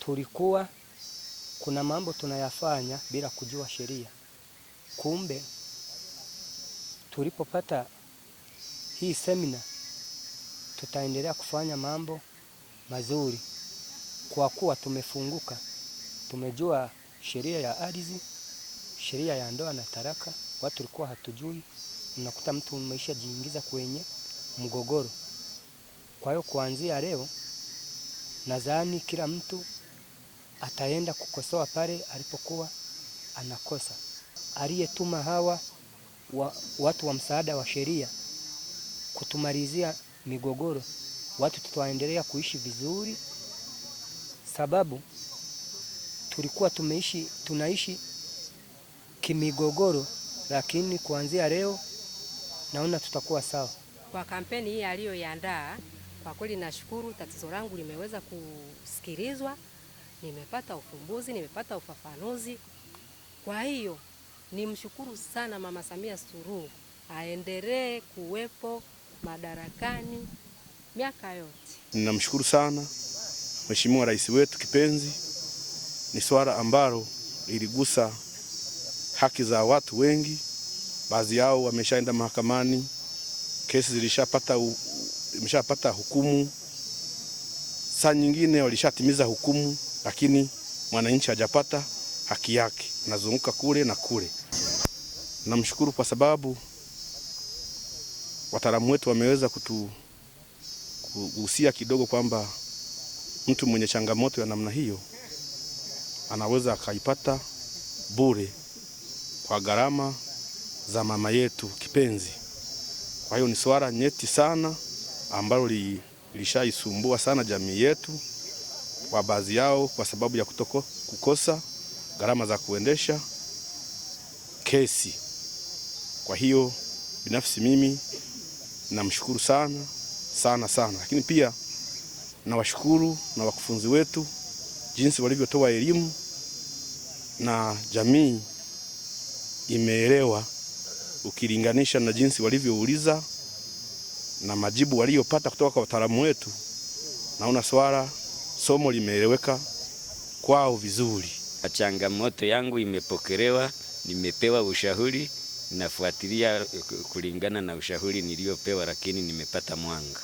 tulikuwa kuna mambo tunayafanya bila kujua sheria. Kumbe tulipopata hii semina, tutaendelea kufanya mambo mazuri, kwa kuwa tumefunguka, tumejua sheria ya ardhi, sheria ya ndoa na taraka. Watu tulikuwa hatujui, unakuta mtu umeisha jiingiza kwenye mgogoro. Kwa hiyo kuanzia leo nadhani kila mtu ataenda kukosoa pale alipokuwa anakosa. Aliyetuma hawa wa, watu wa msaada wa sheria kutumalizia migogoro, watu tutaendelea kuishi vizuri, sababu tulikuwa tumeishi tunaishi kimigogoro, lakini kuanzia leo naona tutakuwa sawa. Kwa kampeni hii aliyoiandaa, kwa kweli nashukuru, tatizo langu limeweza kusikilizwa nimepata ufumbuzi, nimepata ufafanuzi. Kwa hiyo nimshukuru sana Mama Samia Suluhu, aendelee kuwepo madarakani miaka yote. Ninamshukuru sana Mheshimiwa Rais wetu kipenzi. Ni swala ambalo liligusa haki za watu wengi, baadhi yao wameshaenda mahakamani, kesi zilishapata imeshapata hukumu, saa nyingine walishatimiza hukumu lakini mwananchi hajapata haki yake, anazunguka kule na kule. Namshukuru kwa sababu wataalamu wetu wameweza kutugusia kidogo kwamba mtu mwenye changamoto ya namna hiyo anaweza akaipata bure kwa gharama za mama yetu kipenzi. Kwa hiyo ni swala nyeti sana ambalo lishaisumbua sana jamii yetu kwa baadhi yao kwa sababu ya kutoko, kukosa gharama za kuendesha kesi. Kwa hiyo binafsi mimi namshukuru sana sana sana, lakini pia nawashukuru na wakufunzi wetu jinsi walivyotoa elimu na jamii imeelewa ukilinganisha na jinsi walivyouliza na majibu waliyopata kutoka kwa wataalamu wetu, naona swala somo limeeleweka kwao vizuri. Changamoto yangu imepokelewa, nimepewa ushauri, nafuatilia kulingana na ushauri niliyopewa, lakini nimepata mwanga.